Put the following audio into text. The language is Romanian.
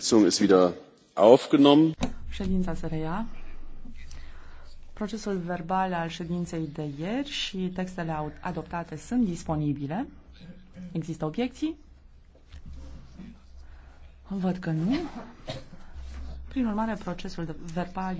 Sitzung ist wieder aufgenommen. Ședința se reia. Procesul verbal al ședinței de ieri și textele adoptate sunt disponibile. Există obiecții? Văd că nu. Prin urmare, procesul verbal